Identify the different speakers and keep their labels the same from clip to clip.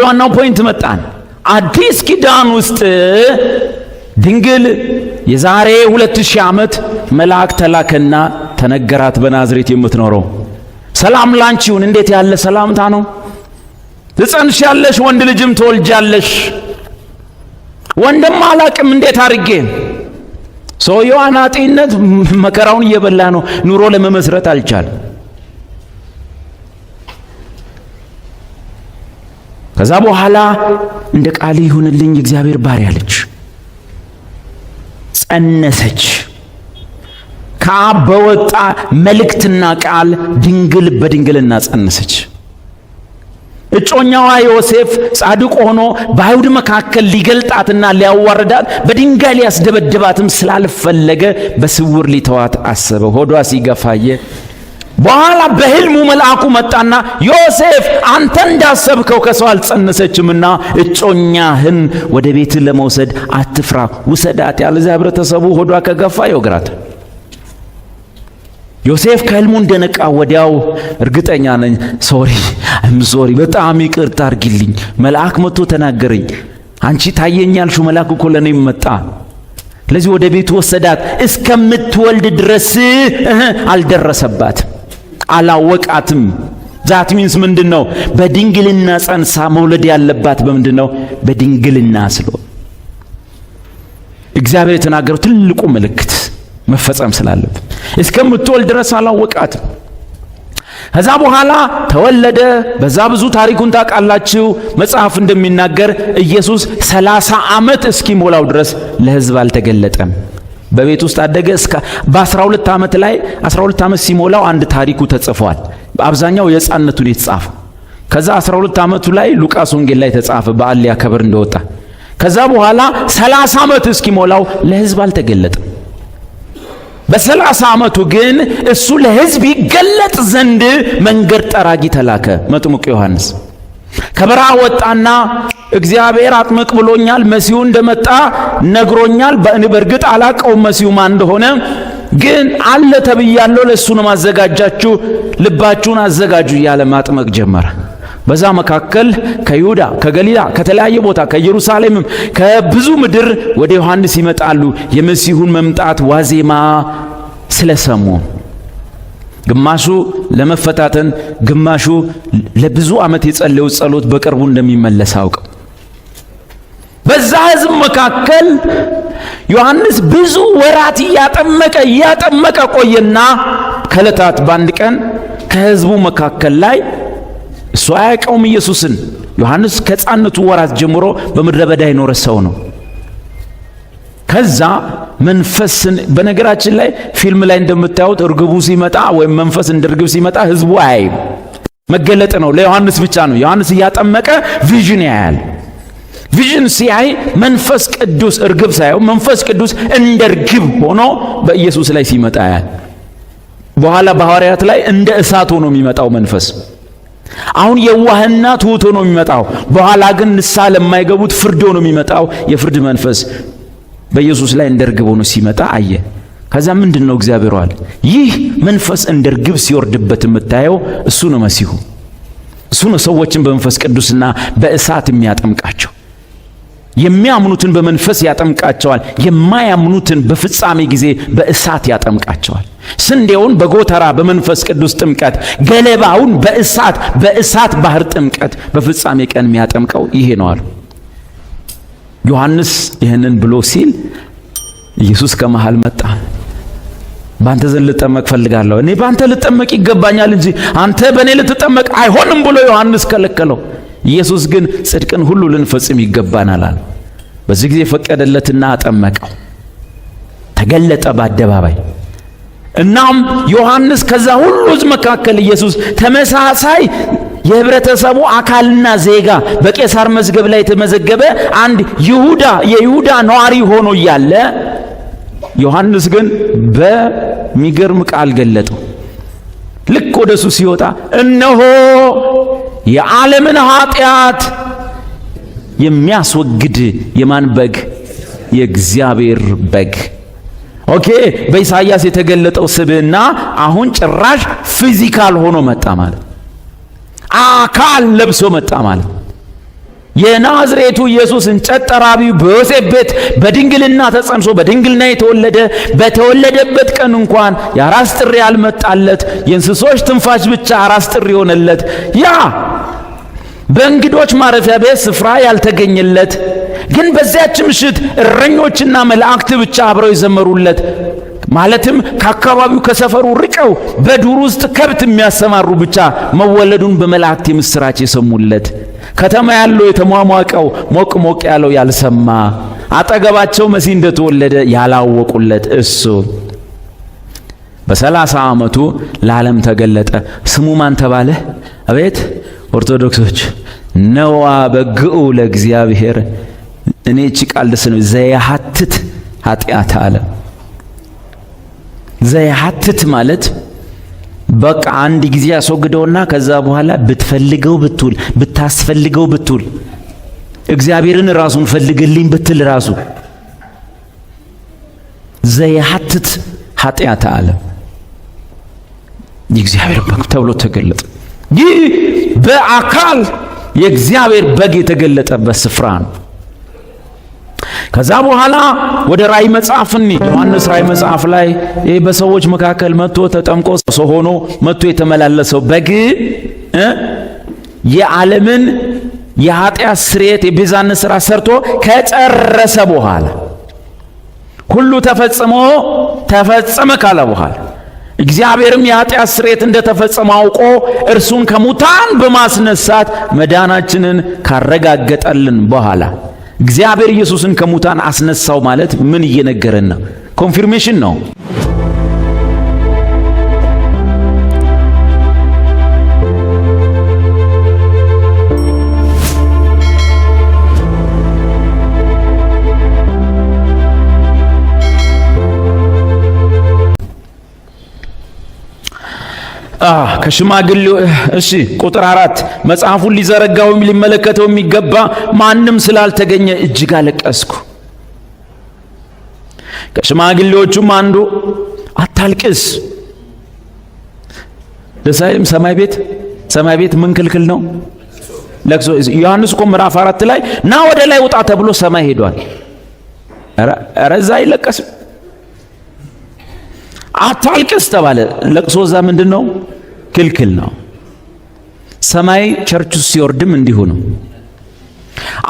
Speaker 1: ወደ ዋናው ፖይንት መጣን። አዲስ ኪዳን ውስጥ ድንግል የዛሬ 2000 ዓመት መልአክ ተላከና ተነገራት በናዝሬት የምትኖረው ሰላም ላንቺውን። እንዴት ያለ ሰላምታ ነው! ያለሽ ወንድ ልጅም ትወልጃለሽ። ወንድም አላቅም እንዴት አድርጌ። ሰውየው አናጢነት መከራውን እየበላ ነው። ኑሮ ለመመስረት አልቻለም። ከዛ በኋላ እንደ ቃል ይሁንልኝ እግዚአብሔር ባሪያ አለች፣ ጸነሰች። ከአብ በወጣ መልእክትና ቃል ድንግል በድንግልና ጸነሰች። እጮኛዋ ዮሴፍ ጻድቅ ሆኖ በአይሁድ መካከል ሊገልጣትና ሊያዋርዳት በድንጋይ ሊያስደበድባትም ስላልፈለገ በስውር ሊተዋት አሰበ። ሆዷ ሲገፋየ በኋላ በህልሙ መልአኩ መጣና ዮሴፍ አንተ እንዳሰብከው ከሰው አልጸነሰችምና እጮኛህን ወደ ቤት ለመውሰድ አትፍራ፣ ውሰዳት፣ ያለዚያ ህብረተሰቡ ሆዷ ከገፋ ይወግራት። ዮሴፍ ከህልሙ እንደነቃ ወዲያው እርግጠኛ ነኝ፣ ሶሪ አይም ሶሪ፣ በጣም ይቅርታ አርግልኝ፣ መልአክ መጥቶ ተናገረኝ። አንቺ ታየኛልሹ፣ መልአክ እኮ ለእኔ መጣ ስለዚህ ወደ ቤቱ ወሰዳት። እስከምትወልድ ድረስ አልደረሰባት። አላወቃትም። ዛት ሚንስ ምንድን ነው? በድንግልና ጸንሳ መውለድ ያለባት በምንድን ነው? በድንግልና ስለ እግዚአብሔር የተናገረው ትልቁ ምልክት መፈጸም ስላለበት እስከምትወልድ ድረስ አላወቃትም። ከዛ በኋላ ተወለደ። በዛ ብዙ ታሪኩን ታውቃላችሁ። መጽሐፍ እንደሚናገር ኢየሱስ ሰላሳ ዓመት እስኪሞላው ድረስ ለሕዝብ አልተገለጠም። በቤት ውስጥ አደገ። እስከ በ12 ዓመት ላይ 12 ዓመት ሲሞላው አንድ ታሪኩ ተጽፏል። አብዛኛው የሕፃንነቱን የተጻፈ ከዛ 12 ዓመቱ ላይ ሉቃስ ወንጌል ላይ ተጻፈ በዓል ሊያከብር እንደወጣ። ከዛ በኋላ 30 ዓመት እስኪሞላው ለህዝብ አልተገለጠም። በ30 ዓመቱ ግን እሱ ለህዝብ ይገለጥ ዘንድ መንገድ ጠራጊ ተላከ መጥምቁ ዮሐንስ። ከበረሃ ወጣና እግዚአብሔር አጥምቅ ብሎኛል፣ መሲሁ እንደመጣ ነግሮኛል። በእርግጥ አላቀውም መሲሁ ማን እንደሆነ ግን አለ ተብያለሁ፣ ለእሱ ነው ማዘጋጃችሁ፣ ልባችሁን አዘጋጁ እያለ ማጥመቅ ጀመረ። በዛ መካከል ከይሁዳ ከገሊላ ከተለያየ ቦታ ከኢየሩሳሌምም ከብዙ ምድር ወደ ዮሐንስ ይመጣሉ የመሲሁን መምጣት ዋዜማ ስለሰሙ ግማሹ ለመፈታተን፣ ግማሹ ለብዙ ዓመት የጸለዩ ጸሎት በቅርቡ እንደሚመለስ አውቀው በዛ ህዝብ መካከል ዮሐንስ ብዙ ወራት እያጠመቀ እያጠመቀ ቆየና ከዕለታት በአንድ ቀን ከህዝቡ መካከል ላይ እሱ አያውቀውም ኢየሱስን። ዮሐንስ ከሕፃንነቱ ወራት ጀምሮ በምድረ በዳ የኖረ ሰው ነው። ከዛ መንፈስን በነገራችን ላይ ፊልም ላይ እንደምታዩት እርግቡ ሲመጣ ወይም መንፈስ እንደ እርግብ ሲመጣ ህዝቡ አያይም። መገለጥ ነው፣ ለዮሐንስ ብቻ ነው። ዮሐንስ እያጠመቀ ቪዥን ያያል። ቪዥን ሲያይ መንፈስ ቅዱስ እርግብ ሳይሆን መንፈስ ቅዱስ እንደ እርግብ ሆኖ በኢየሱስ ላይ ሲመጣ ያያል። በኋላ በሐዋርያት ላይ እንደ እሳት ሆኖ የሚመጣው መንፈስ አሁን የዋህና ትሑት ሆኖ የሚመጣው በኋላ ግን ንስሐ ለማይገቡት ፍርድ ሆኖ የሚመጣው የፍርድ መንፈስ በኢየሱስ ላይ እንደ ርግብ ሆኖ ሲመጣ አየ። ከዛ ምንድን ነው እግዚአብሔር አለ፣ ይህ መንፈስ እንደ ርግብ ሲወርድበት የምታየው እሱ ነው መሲሁ። እሱ ነው ሰዎችን በመንፈስ ቅዱስና በእሳት የሚያጠምቃቸው። የሚያምኑትን በመንፈስ ያጠምቃቸዋል፣ የማያምኑትን በፍጻሜ ጊዜ በእሳት ያጠምቃቸዋል። ስንዴውን በጎተራ በመንፈስ ቅዱስ ጥምቀት፣ ገለባውን በእሳት በእሳት ባህር ጥምቀት በፍጻሜ ቀን የሚያጠምቀው ይሄ ነው አሉ። ዮሐንስ ይህንን ብሎ ሲል ኢየሱስ ከመሃል መጣ። በአንተ ዘንድ ልጠመቅ ፈልጋለሁ፣ እኔ በአንተ ልጠመቅ ይገባኛል እንጂ አንተ በእኔ ልትጠመቅ አይሆንም ብሎ ዮሐንስ ከለከለው። ኢየሱስ ግን ጽድቅን ሁሉ ልንፈጽም ይገባናል አለ። በዚህ ጊዜ ፈቀደለትና አጠመቀው፣ ተገለጠ በአደባባይ። እናም ዮሐንስ ከዛ ሁሉ መካከል ኢየሱስ ተመሳሳይ የህብረተሰቡ አካልና ዜጋ በቄሳር መዝገብ ላይ የተመዘገበ አንድ ይሁዳ የይሁዳ ነዋሪ ሆኖ እያለ ዮሐንስ ግን በሚገርም ቃል ገለጠው። ልክ ወደሱ ሲወጣ እነሆ የዓለምን ኃጢአት የሚያስወግድ የማን በግ? የእግዚአብሔር በግ። ኦኬ፣ በኢሳይያስ የተገለጠው ስብዕና አሁን ጭራሽ ፊዚካል ሆኖ መጣ ማለት አካል ለብሶ መጣ ማለት የናዝሬቱ ኢየሱስ እንጨት ጠራቢው በዮሴፍ ቤት በድንግልና ተጸንሶ በድንግልና የተወለደ በተወለደበት ቀን እንኳን የአራስ ጥሪ ያልመጣለት የእንስሶች ትንፋሽ ብቻ አራስ ጥሪ የሆነለት ያ በእንግዶች ማረፊያ ቤት ስፍራ ያልተገኘለት ግን በዚያች ምሽት እረኞችና መላእክት ብቻ አብረው የዘመሩለት ማለትም ከአካባቢው ከሰፈሩ ርቀው በዱር ውስጥ ከብት የሚያሰማሩ ብቻ መወለዱን በመላእክት የምስራች የሰሙለት ከተማ ያለው የተሟሟቀው ሞቅ ሞቅ ያለው ያልሰማ አጠገባቸው መሲህ እንደተወለደ ያላወቁለት እሱ በሰላሳ ዓመቱ ለዓለም ተገለጠ። ስሙ ማን ተባለ? አቤት ኦርቶዶክሶች ነዋ በግኡ ለእግዚአብሔር እኔ እቺ ቃል ደስ ነው ዘያሃትት ኃጢአት ዓለም ዘያሀትት ማለት በቃ አንድ ጊዜ ያስወግደውና ከዛ በኋላ ብትፈልገው ብትውል ብታስፈልገው ብትውል እግዚአብሔርን ራሱን ፈልግልኝ ብትል ራሱ ዘያሀትት ኃጢአተ ዓለም የእግዚአብሔር በግ ተብሎ ተገለጠ። ይህ በአካል የእግዚአብሔር በግ የተገለጠበት ስፍራ ነው። ከዛ በኋላ ወደ ራእይ መጽሐፍ እንሂድ። ዮሐንስ ራእይ መጽሐፍ ላይ ይሄ በሰዎች መካከል መጥቶ ተጠምቆ ሰው ሆኖ መጥቶ የተመላለሰው በግ የዓለምን የኃጢአት ስርየት የቤዛነት ሥራ ሰርቶ ከጨረሰ በኋላ ሁሉ ተፈጽሞ ተፈጸመ ካለ በኋላ እግዚአብሔርም የኃጢአት ስርየት እንደ ተፈጸመ አውቆ እርሱን ከሙታን በማስነሳት መዳናችንን ካረጋገጠልን በኋላ እግዚአብሔር ኢየሱስን ከሙታን አስነሳው ማለት ምን እየነገረና ነው? ኮንፊርሜሽን ነው። ከሽማግሌው እሺ፣ ቁጥር አራት መጽሐፉን ወይም ሊመለከተው የሚገባ ማንም ስላልተገኘ እጅግ አለቀስኩ። ከሽማግሌዎቹም አንዱ አታልቅስ፣ ደስ አይልም። ሰማይ ቤት ሰማይ ቤት ምን ክልክል ነው? ለቅሶ ዮሐንስ እኮ ምዕራፍ አራት ላይ ና ወደ ላይ ውጣ ተብሎ ሰማይ ሄዷል። ረዛ እዛ አይለቀስም። አታልቅስ ተባለ። ለቅሶ እዛ ምንድን ነው? ክልክል ነው። ሰማይ ቸርች ውስጥ ሲወርድም እንዲሁ ነው።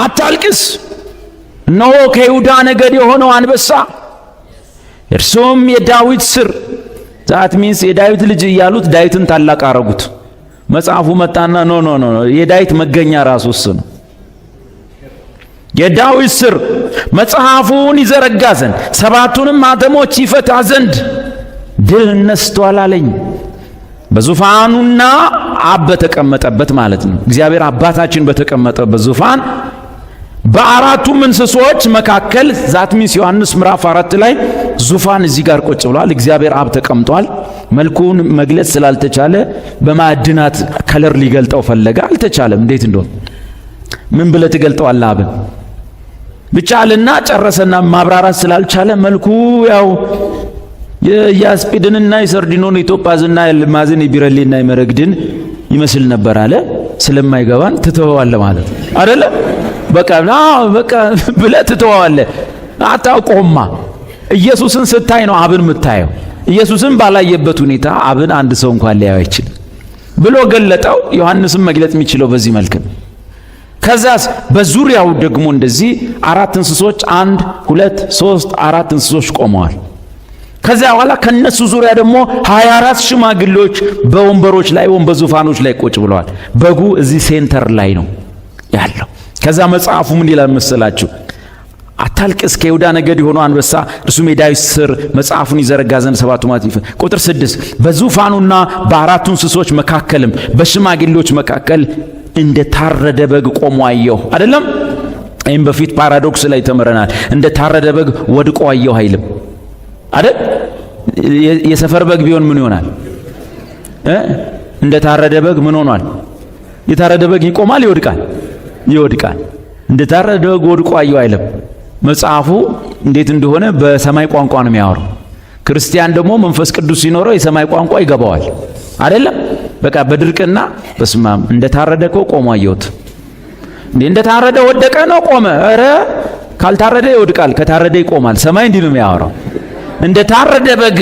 Speaker 1: አታልቅስ፣ ኖ ከይሁዳ ነገድ የሆነው አንበሳ እርሱም የዳዊት ስር ዛት ሚንስ የዳዊት ልጅ እያሉት ዳዊትን ታላቅ አረጉት። መጽሐፉ መጣና ኖ ኖ ኖ የዳዊት መገኛ ራሱ እሱ ነው። የዳዊት ስር መጽሐፉን ይዘረጋ ዘንድ ሰባቱንም ማተሞች ይፈታ ዘንድ ድል እነስቷል አለኝ። በዙፋኑና አብ በተቀመጠበት ማለት ነው። እግዚአብሔር አባታችን በተቀመጠበት ዙፋን በአራቱም እንስሶች መካከል ዛት ሚንስ ዮሐንስ ምዕራፍ አራት ላይ ዙፋን እዚህ ጋር ቁጭ ብሏል። እግዚአብሔር አብ ተቀምጧል። መልኩን መግለጽ ስላልተቻለ በማዕድናት ከለር ሊገልጠው ፈለገ። አልተቻለም። እንዴት እንደሆነ ምን ብለ ትገልጠዋል? አብን ብቻ አልና ጨረሰና ማብራራት ስላልቻለ መልኩ ያው የያስጲድንና የሰርዲኖን የቶጳዝና የልማዝን የቢረሌና የመረግድን ይመስል ነበር አለ። ስለማይገባን ትተዋለ ማለት አይደለ? በቃ በቃ ብለ ትተዋለ። አታውቀውማ። ኢየሱስን ስታይ ነው አብን የምታየው። ኢየሱስን ባላየበት ሁኔታ አብን አንድ ሰው እንኳን ሊያየው አይችልም ብሎ ገለጠው። ዮሐንስም መግለጥ የሚችለው በዚህ መልክ ነው። ከዛስ በዙሪያው ደግሞ እንደዚህ አራት እንስሶች አንድ ሁለት ሶስት አራት እንስሶች ቆመዋል። ከዚያ በኋላ ከነሱ ዙሪያ ደግሞ 24 ሽማግሌዎች በወንበሮች ላይ በዙፋኖች ላይ ቁጭ ብለዋል። በጉ እዚህ ሴንተር ላይ ነው ያለው። ከዛ መጽሐፉ ምን ይላል መሰላችሁ? አታልቅስ ከይሁዳ ነገድ የሆነው አንበሳ እርሱ የዳዊት ስር መጽሐፉን ይዘረጋ ዘንድ ሰባቱ ማት ይፈ ቁጥር ስድስት በዙፋኑና በአራቱ እንስሶች መካከልም በሽማግሌዎች መካከል እንደ ታረደ በግ ቆሞ አየሁ። አይደለም ይህም በፊት ፓራዶክስ ላይ ተምረናል። እንደ ታረደ በግ ወድቆ አየሁ አይልም አይደል? የሰፈር በግ ቢሆን ምን ይሆናል? እንደ ታረደ በግ ምን ሆኗል? የታረደ በግ ይቆማል፣ ይወድቃል፣ ይወድቃል። እንደ ታረደ በግ ወድቆ አየሁ አይልም። መጽሐፉ እንዴት እንደሆነ በሰማይ ቋንቋ ነው የሚያወራው። ክርስቲያን ደግሞ መንፈስ ቅዱስ ሲኖረው የሰማይ ቋንቋ ይገባዋል። አይደለም በቃ በድርቅና በስማም እንደታረደ እኮ ቆሞ አየሁት። እንዴ እንደታረደ ወደቀ ነው ቆመ? እረ ካልታረደ ይወድቃል፣ ከታረደ ይቆማል። ሰማይ እንዲህ ነው የሚያወራው። እንደ ታረደ በግ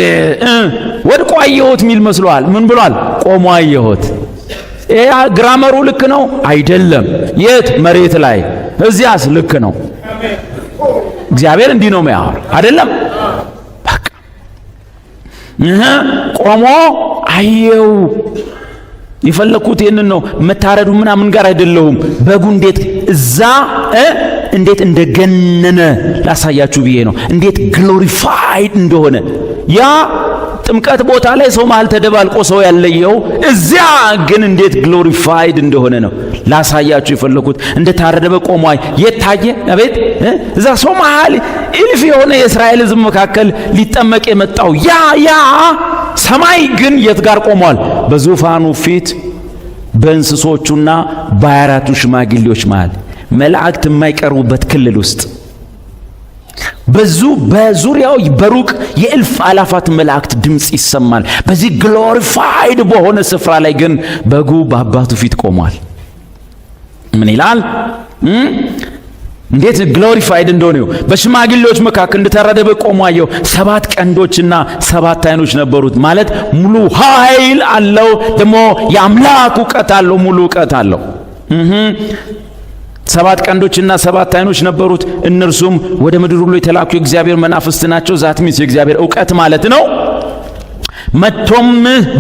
Speaker 1: ወድቆ አየሁት ሚል መስሏል። ምን ብሏል? ቆሞ አየሁት። ያ ግራመሩ ልክ ነው አይደለም? የት መሬት ላይ እዚያስ ልክ ነው። እግዚአብሔር እንዲህ ነው የሚያወራው አይደለም? በቃ ቆሞ አየው። የፈለኩት ይህንን ነው። መታረዱ ምናምን ጋር አይደለሁም። በጉ እንዴት እዛ እንዴት እንደገነነ ላሳያችሁ ብዬ ነው። እንዴት ግሎሪፋይድ እንደሆነ ያ ጥምቀት ቦታ ላይ ሰው መሃል ተደባልቆ ሰው ያለየው እዚያ ግን እንዴት ግሎሪፋይድ እንደሆነ ነው ላሳያችሁ የፈለኩት። እንደ ታረደ በግ የታየ አቤት! እዛ ሰው መሃል እልፍ የሆነ የእስራኤል ሕዝብ መካከል ሊጠመቅ የመጣው ያ ያ ሰማይ ግን የት ጋር ቆሟል? በዙፋኑ ፊት በእንስሶቹና በአራቱ ሽማግሌዎች መሃል መላእክት የማይቀርቡበት ክልል ውስጥ በዙ በዙሪያው በሩቅ የእልፍ አላፋት መላእክት ድምፅ ይሰማል። በዚህ ግሎሪፋይድ በሆነ ስፍራ ላይ ግን በጉ በአባቱ ፊት ቆሟል። ምን ይላል? እንዴት ግሎሪፋይድ እንደሆነ በሽማግሌዎች መካከል እንደተረደበ ቆሞ ሰባት ቀንዶችና ሰባት አይኖች ነበሩት። ማለት ሙሉ ኃይል አለው። ደግሞ የአምላክ እውቀት አለው። ሙሉ እውቀት አለው። ሰባት ቀንዶችና ሰባት አይኖች ነበሩት። እነርሱም ወደ ምድር ሁሉ የተላኩ የእግዚአብሔር መናፍስት ናቸው። ዛት ሚንስ የእግዚአብሔር እውቀት ማለት ነው። መቶም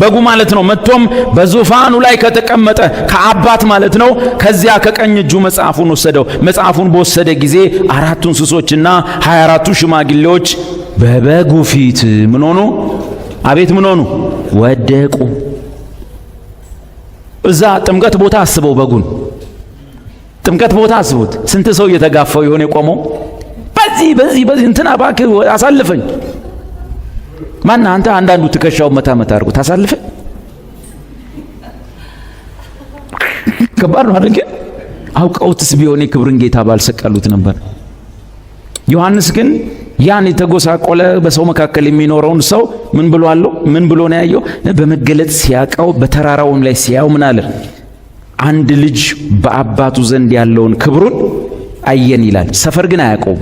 Speaker 1: በጉ ማለት ነው። መቶም በዙፋኑ ላይ ከተቀመጠ ከአባት ማለት ነው። ከዚያ ከቀኝ እጁ መጽሐፉን ወሰደው። መጽሐፉን በወሰደ ጊዜ አራቱ እንስሶችና ሃያ አራቱ ሽማግሌዎች በበጉ ፊት ምን ሆኑ? አቤት ምን ሆኑ? ወደቁ። እዛ ጥምቀት ቦታ አስበው በጉን ጥምቀት ቦታ አስቡት። ስንት ሰው እየተጋፋው የሆነ የቆመው በዚህ በዚህ በዚህ እንትና እባክህ አሳልፈኝ ማና አንተ አንዳንዱ ትከሻውን መታ መታ አድርጎት አሳልፈኝ ከባድ ነው አይደል? አውቀውትስ ቢሆን የክብርን ጌታ ባልሰቀሉት ነበር። ዮሐንስ ግን ያን የተጎሳቆለ በሰው መካከል የሚኖረውን ሰው ምን ብሎ አለው? ምን ብሎ ነው ያየው? በመገለጥ ሲያቀው በተራራውም ላይ ሲያው ምን አለ? አንድ ልጅ በአባቱ ዘንድ ያለውን ክብሩን አየን ይላል። ሰፈር ግን አያውቀውም።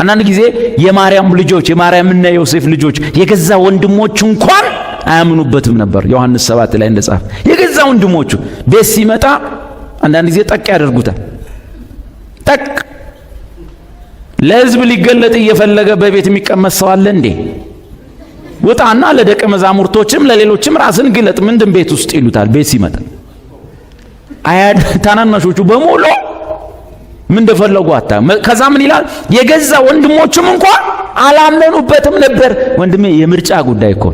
Speaker 1: አንዳንድ ጊዜ የማርያም ልጆች የማርያምና የዮሴፍ ልጆች የገዛ ወንድሞቹ እንኳን አያምኑበትም ነበር። ዮሐንስ ሰባት ላይ እንደጻፈ የገዛ ወንድሞቹ ቤት ሲመጣ አንዳንድ ጊዜ ጠቅ ያደርጉታል። ጠቅ ለሕዝብ ሊገለጥ እየፈለገ በቤት የሚቀመጥ ሰው አለ እንዴ? ውጣና ለደቀ መዛሙርቶችም ለሌሎችም ራስን ግለጥ፣ ምንድን ቤት ውስጥ ይሉታል። ቤት ሲመጣ አያድ ታናናሾቹ በሙሉ ምን እንደፈለጉ አታ ከዛ ምን ይላል የገዛ ወንድሞችም እንኳን አላመኑበትም ነበር። ወንድሜ የምርጫ ጉዳይ እኮ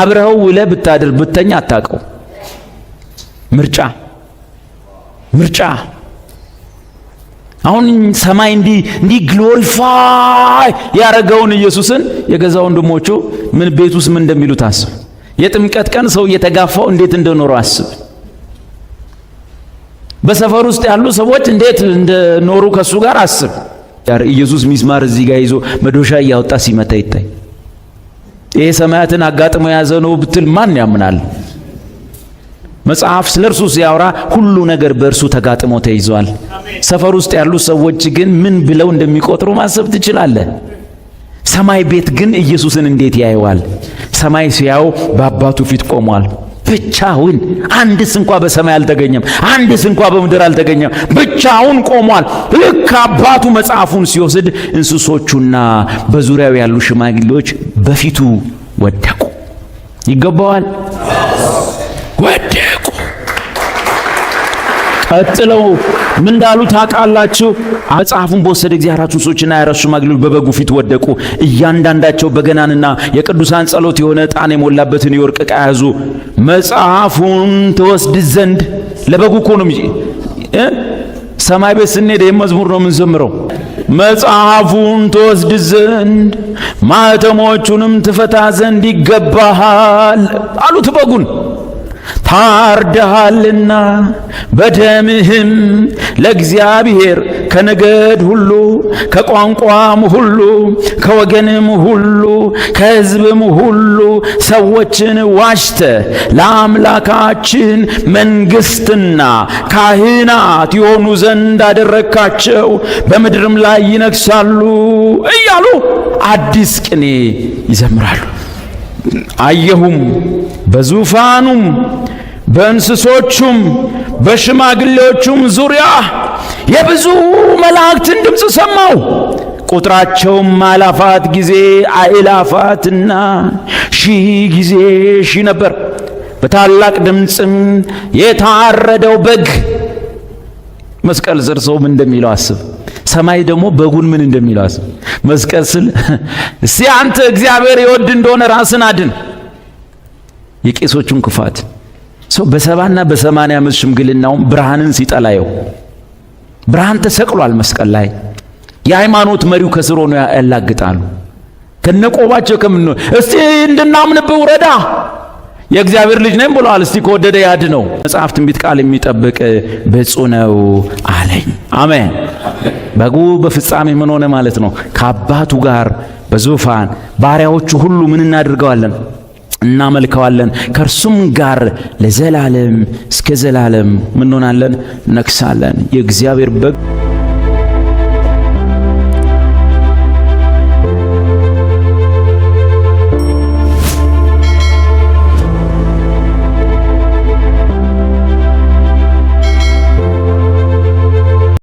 Speaker 1: አብረኸው ውለህ ብታድር ብተኛ አታውቀው። ምርጫ ምርጫ አሁን ሰማይ እንዲህ እንዲህ ግሎሪፋይ ያረገውን ኢየሱስን የገዛ ወንድሞቹ ምን ቤት ውስጥ ምን እንደሚሉት አስብ የጥምቀት ቀን ሰው እየተጋፋው እንዴት እንደኖረው አስብ። በሰፈር ውስጥ ያሉ ሰዎች እንዴት እንደኖሩ ከሱ ጋር አስብ። ኢየሱስ ሚስማር እዚህ ጋር ይዞ መዶሻ እያወጣ ሲመታ ይታይ። ይሄ ሰማያትን አጋጥሞ የያዘ ነው ብትል ማን ያምናል? መጽሐፍ ስለ እርሱ ሲያወራ ሁሉ ነገር በእርሱ ተጋጥሞ ተይዟል። ሰፈር ውስጥ ያሉ ሰዎች ግን ምን ብለው እንደሚቆጥሩ ማሰብ ትችላለህ። ሰማይ ቤት ግን ኢየሱስን እንዴት ያየዋል? ሰማይ ሲያው በአባቱ ፊት ቆሟል። ብቻውን አንድስ እንኳ በሰማይ አልተገኘም። አንድስ እንኳ በምድር አልተገኘም። ብቻውን ቆሟል። ልክ አባቱ መጽሐፉን ሲወስድ እንስሶቹና በዙሪያው ያሉ ሽማግሌዎች በፊቱ ወደቁ። ይገባዋል። ቀጥለው ምን እንዳሉ ታውቃላችሁ? መጽሐፉን በወሰደ ጊዜ አራቱ ሰዎችና የአራት ሽማግሌዎች በበጉ ፊት ወደቁ። እያንዳንዳቸው በገናንና የቅዱሳን ጸሎት የሆነ ዕጣን የሞላበትን የወርቅ ዕቃ ያዙ። መጽሐፉን ትወስድ ዘንድ ለበጉ እኮ ነው። ሰማይ ቤት ስንሄድ ይህም መዝሙር ነው የምንዘምረው። መጽሐፉን ትወስድ ዘንድ ማኅተሞቹንም ትፈታ ዘንድ ይገባሃል አሉት በጉን ታርደሃልና በደምህም ለእግዚአብሔር ከነገድ ሁሉ ከቋንቋም ሁሉ ከወገንም ሁሉ ከሕዝብም ሁሉ ሰዎችን ዋሽተ ለአምላካችን መንግሥትና ካህናት የሆኑ ዘንድ አደረካቸው በምድርም ላይ ይነግሳሉ እያሉ አዲስ ቅኔ ይዘምራሉ። አየሁም በዙፋኑም በእንስሶቹም በሽማግሌዎቹም ዙሪያ የብዙ መላእክትን ድምፅ ሰማሁ። ቁጥራቸውም አላፋት ጊዜ አእላፋትና ሺህ ጊዜ ሺህ ነበር። በታላቅ ድምፅም የታረደው በግ መስቀል ዘርሰውም እንደሚለው አስብ ሰማይ ደግሞ በጉን ምን እንደሚለው አስብ። መስቀል ስል እስቲ አንተ እግዚአብሔር የወድ እንደሆነ ራስን አድን። የቄሶቹን ክፋት ሰው በሰባና በሰማንያ ዓመት ሽምግልናውም ብርሃንን ሲጠላየው ብርሃን ተሰቅሏል መስቀል ላይ። የሃይማኖት መሪው ከስር ሆኖ ያላግጣሉ። ከነቆባቸው ከምን እስቲ እንድናምንብ ውረዳ የእግዚአብሔር ልጅ ነኝ ብሏል። እስቲ ከወደደ ያድ ነው መጽሐፍ ትንቢት ቃል የሚጠብቅ ብፁ ነው አለኝ። አሜን። በጉ በፍጻሜ ምን ሆነ ማለት ነው? ከአባቱ ጋር በዙፋን ባሪያዎቹ ሁሉ ምን እናደርገዋለን? እናመልከዋለን። ከእርሱም ጋር ለዘላለም እስከ ዘላለም ምን ሆናለን? ነግሳለን። የእግዚአብሔር በግ